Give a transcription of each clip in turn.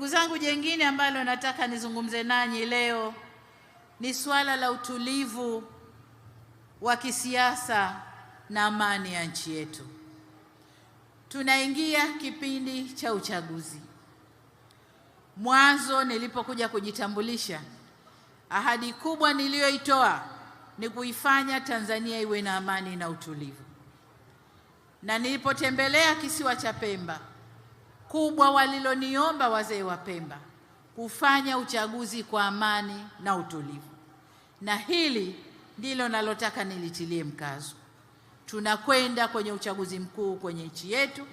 Ndugu zangu, jengine ambalo nataka nizungumze nanyi leo ni swala la utulivu wa kisiasa na amani ya nchi yetu. Tunaingia kipindi cha uchaguzi. Mwanzo nilipokuja kujitambulisha, ahadi kubwa niliyoitoa ni kuifanya Tanzania iwe na amani na utulivu, na nilipotembelea kisiwa cha Pemba kubwa waliloniomba wazee wa Pemba kufanya uchaguzi kwa amani na utulivu, na hili ndilo nalotaka nilitilie mkazo. Tunakwenda kwenye uchaguzi mkuu kwenye nchi yetu.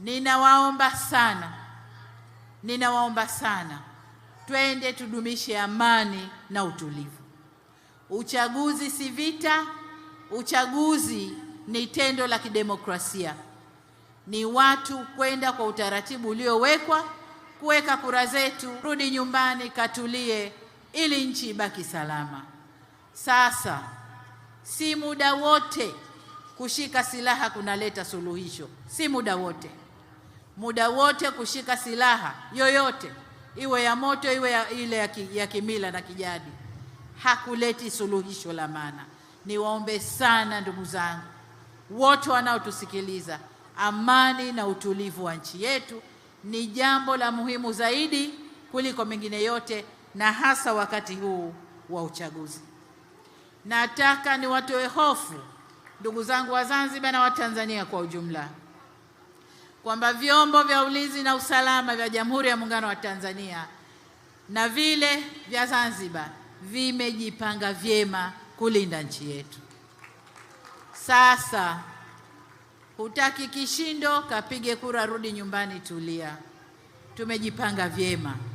Ninawaomba sana, ninawaomba sana, twende tudumishe amani na utulivu. Uchaguzi si vita, uchaguzi ni tendo la kidemokrasia ni watu kwenda kwa utaratibu uliowekwa, kuweka kura zetu, rudi nyumbani, katulie, ili nchi ibaki salama. Sasa si muda wote kushika silaha kunaleta suluhisho, si muda wote. Muda wote kushika silaha yoyote, iwe ya moto, iwe ya ile ya, ki, ya kimila na kijadi, hakuleti suluhisho la maana. Niwaombe sana ndugu zangu wote wanaotusikiliza amani na utulivu wa nchi yetu ni jambo la muhimu zaidi kuliko mengine yote, na hasa wakati huu wa uchaguzi. Nataka niwatoe hofu ndugu zangu wa Zanzibar na Watanzania kwa ujumla kwamba vyombo vya ulinzi na usalama vya Jamhuri ya Muungano wa Tanzania na vile vya Zanzibar vimejipanga vyema kulinda nchi yetu. Sasa Hutaki kishindo, kapige kura, rudi nyumbani, tulia. Tumejipanga vyema.